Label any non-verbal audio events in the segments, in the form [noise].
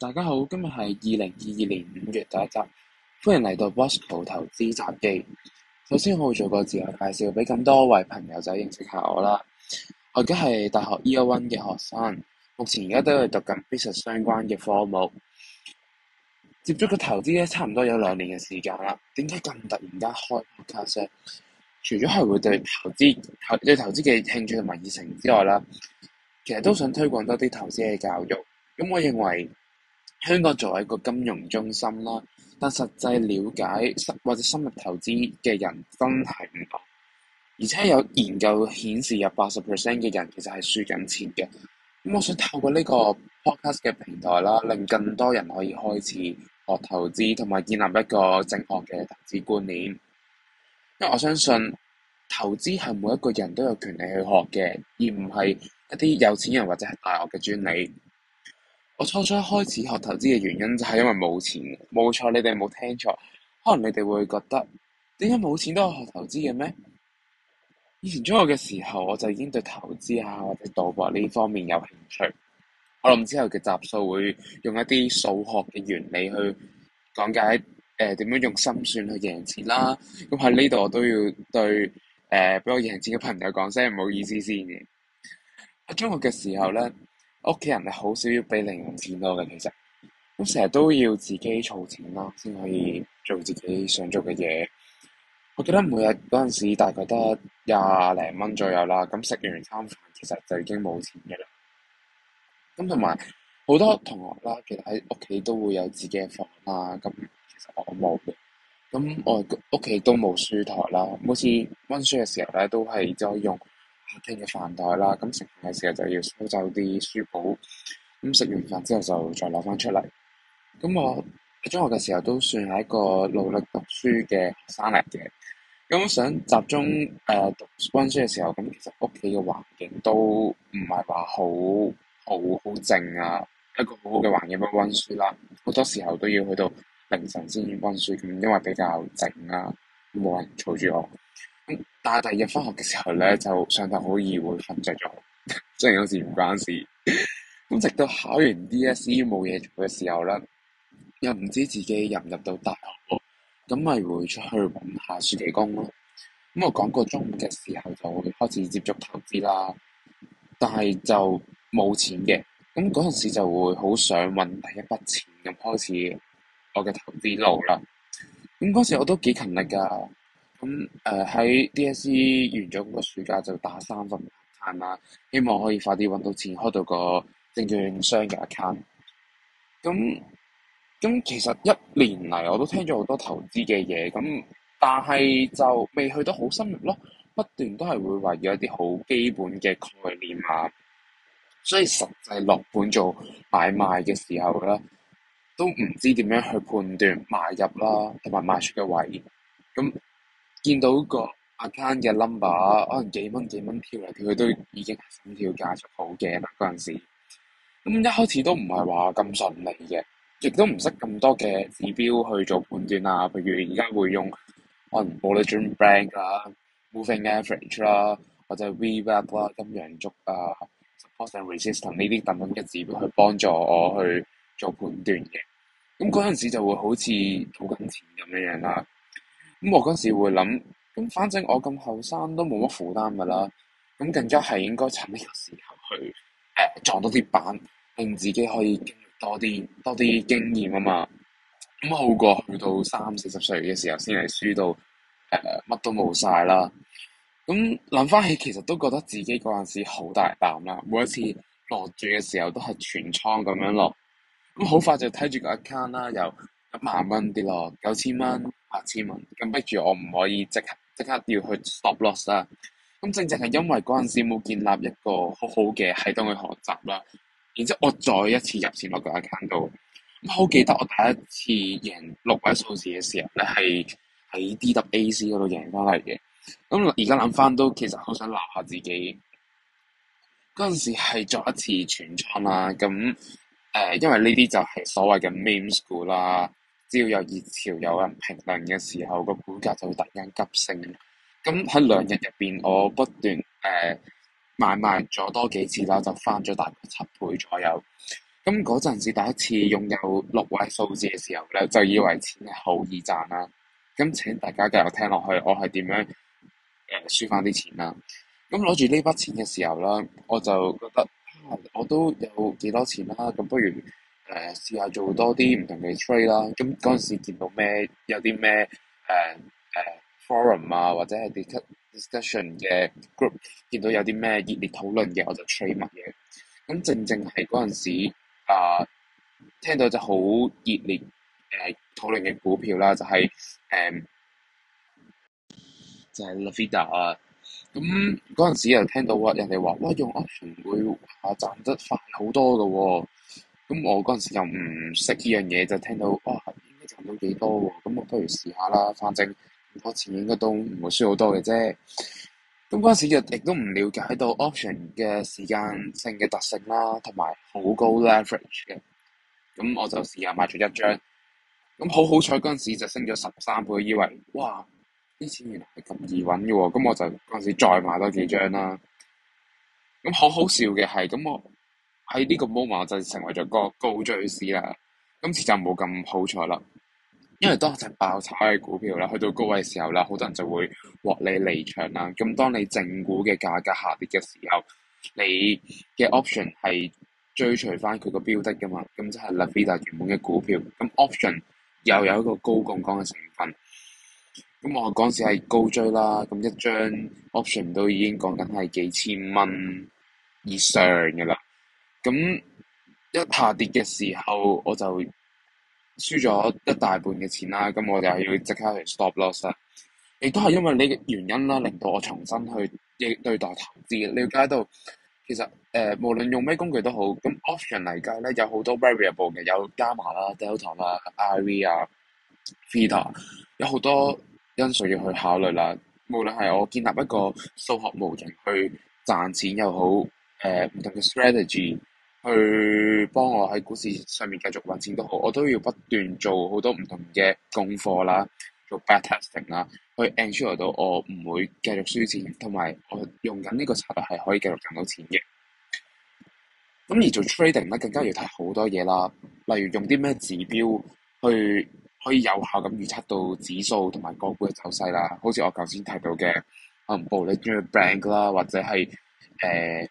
大家好，今日係二零二二年五月第一集，歡迎嚟到 Bosco 投資雜記。首先我會做個自我介紹，俾咁多位朋友仔認識下我啦。我而家係大學 Year One 嘅學生，目前而家都係讀緊 Business 相關嘅科目。接觸個投資咧，差唔多有兩年嘅時間啦。點解咁突然間開課程？除咗係會對投資、對投資嘅興趣同埋熱情之外啦，其實都想推廣多啲投資嘅教育。咁我認為。香港作為一個金融中心啦，但實際了解或者深入投資嘅人真係唔多，而且有研究顯示有八十 percent 嘅人其實係輸緊錢嘅。咁我想透過呢個 podcast 嘅平台啦，令更多人可以開始學投資，同埋建立一個正確嘅投資觀念。因為我相信投資係每一個人都有權利去學嘅，而唔係一啲有錢人或者係大學嘅專利。我初初一開始學投資嘅原因就係因為冇錢，冇錯，你哋冇聽錯。可能你哋會覺得點解冇錢都係學投資嘅咩？以前中學嘅時候，我就已經對投資啊或者賭博呢方面有興趣。我諗之後嘅集數會用一啲數學嘅原理去講解誒點、呃、樣用心算去贏錢啦。咁喺呢度我都要對誒俾、呃、我贏錢嘅朋友講聲唔好意思先嘅。喺中學嘅時候咧。屋企人係好少要畀零用錢多嘅，其實，咁成日都要自己儲錢啦，先可以做自己想做嘅嘢。我記得每日嗰陣時大概得廿零蚊左右啦，咁食完餐飯其實就已經冇錢嘅啦。咁同埋好多同學啦，其實喺屋企都會有自己嘅房啦，咁其實我冇嘅。咁我屋企都冇書台啦，每次温書嘅時候咧都係即係用。客廳嘅飯台啦，咁食飯嘅時候就要收走啲書簿，咁食完飯之後就再攞翻出嚟。咁我喺中學嘅時候都算係一個努力讀書嘅學生嚟嘅，咁我想集中誒、呃、讀温書嘅時候，咁其實屋企嘅環境都唔係話好好好靜啊，一個好好嘅環境去温書啦。好多時候都要去到凌晨先至温書，咁因為比較靜啊，冇人嘈住我。啊！但第二日返學嘅時候咧，就上堂好易會瞓着咗，雖然有時唔關事。咁 [laughs] 直到考完 DSE 冇嘢做嘅時候啦，又唔知自己入唔入到大學，咁咪會出去揾下暑期工咯。咁我講過中午嘅時候就會開始接觸投資啦，但係就冇錢嘅，咁嗰陣時就會好想揾第一筆錢咁開始我嘅投資路啦。咁嗰時我都幾勤力噶～。咁誒喺 DSE 完咗個暑假就打三份工啦，希望可以快啲揾到錢開到個證券商嘅 account。咁咁其實一年嚟我都聽咗好多投資嘅嘢，咁但係就未去得好深入咯，不斷都係會話要有一啲好基本嘅概念下、啊，所以實際落盤做買賣嘅時候咧，都唔知點樣去判斷買入啦同埋賣出嘅位，咁。見到個 account 嘅 number 可能幾蚊幾蚊跳嚟跳去，都已經係心跳加速好嘅啦。嗰陣時，咁一開始都唔係話咁順利嘅，亦都唔識咁多嘅指標去做判斷啊。譬如而家會用可能 Bollinger Band 啦、Moving Average 啦，或者 VWAP 啦、陰陽燭啊、uh, Support and Resistance 呢啲等等嘅指標去幫助我去做判斷嘅。咁嗰陣時就會好似賭緊錢咁樣樣啦。咁我嗰時會諗，咁反正我咁後生都冇乜負擔噶啦，咁更加係應該趁呢個時候去誒、呃、撞到啲板，令自己可以經歷多啲多啲經驗啊嘛，咁好過去到三四十歲嘅時候先係輸到誒乜、呃、都冇晒啦。咁諗翻起其實都覺得自己嗰陣時好大膽啦，每一次落注嘅時候都係全倉咁樣落，咁好快就睇住個 account 啦又。一萬蚊跌落，九千蚊、八千蚊咁逼住我唔可以即刻即刻要去 stop loss 啦。咁正正係因為嗰陣時冇建立一個好好嘅系統去學習啦。然之後我再一次入錢落個 account 度，咁好記得我第一次贏六位數字嘅時候咧，係喺 DWAC 嗰度贏翻嚟嘅。咁而家諗翻都其實好想鬧下自己，嗰陣時係作一次全倉啦。咁誒、呃，因為呢啲就係所謂嘅 meme school 啦。只要有熱潮、有人評論嘅時候，個股價就會突然急升。咁喺兩日入邊，我不斷誒、呃、買賣咗多幾次啦，就翻咗大概七倍左右。咁嗰陣時第一次擁有六位數字嘅時候咧，就以為錢係好易賺啦、啊。咁請大家繼續聽落去，我係點樣誒、呃、輸翻啲錢啦、啊？咁攞住呢筆錢嘅時候咧，我就覺得啊，我都有幾多錢啦，咁不如～誒試下做多啲唔同嘅 trade 啦。咁嗰陣時見到咩有啲咩誒誒 forum 啊，或者係 disc discussion 嘅 group，見到有啲咩熱烈討論嘅，我就 trade 乜嘢。咁正正係嗰陣時啊、呃，聽到就好熱烈誒、呃、討論嘅股票啦，就係、是、誒、呃、就係、是、Lavida 啊。咁嗰陣時又聽到話，人哋話哇，用 option 會啊賺得快好多噶喎、哦。咁我嗰陣時又唔識呢樣嘢，就聽到，哇，應該賺到幾多喎、啊？咁我不如試下啦，反正啲錢應該都唔會輸好多嘅啫。咁嗰陣時就亦都唔了解到 option 嘅時間性嘅特性啦，同埋好高 leverage 嘅。咁我就試下買咗一張。咁好好彩嗰陣時就升咗十三倍，以為，哇！啲錢原來係咁易揾嘅喎，咁我就嗰陣時再買多幾張啦。咁好好笑嘅係，咁我。喺呢個 moment 就成為咗個高追市啦。今次就冇咁好彩啦，因為當陣爆炒嘅股票啦，去到高位嘅時候啦，好多人就會獲利離場啦。咁當你正股嘅價格下跌嘅時候，你嘅 option 係追隨翻佢個標的㗎、er、嘛。咁即係拉菲 a 原本嘅股票，咁 option 又有一個高槓桿嘅成分。咁我嗰陣時係高追啦，咁一張 option 都已經講緊係幾千蚊以上㗎啦。咁一下跌嘅時候，我就輸咗一大半嘅錢啦。咁我就要即刻去 stop loss 啦，亦都係因為你嘅原因啦，令到我重新去亦對待投資。嘅。瞭解到其實誒、呃、無論用咩工具都好，咁 option 嚟計咧，有好多 variable 嘅，有 Gamma 啦、Delta 啦、IV 啊、Theta 有好多因素要去考慮啦。無論係我建立一個數學模型去賺錢又好，誒、呃、唔同嘅 strategy。去幫我喺股市上面繼續揾錢都好，我都要不斷做好多唔同嘅功課啦，做 backtesting 啦，去 ensure 到我唔會繼續輸錢，同埋我用緊呢個策略係可以繼續賺到錢嘅。咁、嗯、而做 trading 咧，更加要睇好多嘢啦，例如用啲咩指標去可以有效咁預測到指數同埋個股嘅走勢啦，好似我頭先提到嘅，嗯，Bollinger Band 啦，或者係誒誒。呃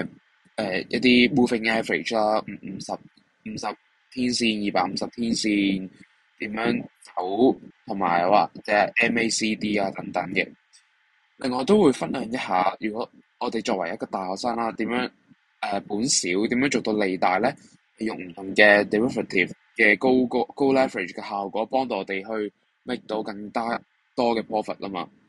呃誒、呃、一啲 moving average 啦，五五十五十天線二百五十天線點樣走，同埋話即係 MACD 啊等等嘅。另外都會分享一下，如果我哋作為一個大學生啦，點樣誒、呃、本少，點樣做到利大咧？用唔同嘅 derivative 嘅高高高 leverage 嘅效果，幫到我哋去 make 到更加多嘅 profit 啊嘛～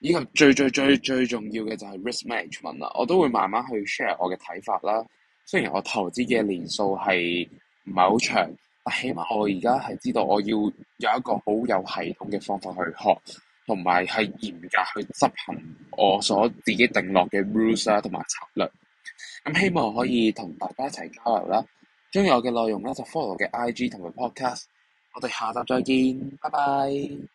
以及最最最最重要嘅就係 risk management 啦，我都會慢慢去 share 我嘅睇法啦。雖然我投資嘅年數係唔係好長，但起碼我而家係知道我要有一個好有系統嘅方法去學，同埋係嚴格去執行我所自己定落嘅 rules 啦，同埋策略。咁、嗯、希望可以同大家一齊交流啦。鍾意我嘅內容咧，就 follow 我嘅 IG 同埋 podcast。我哋下集再見，拜拜。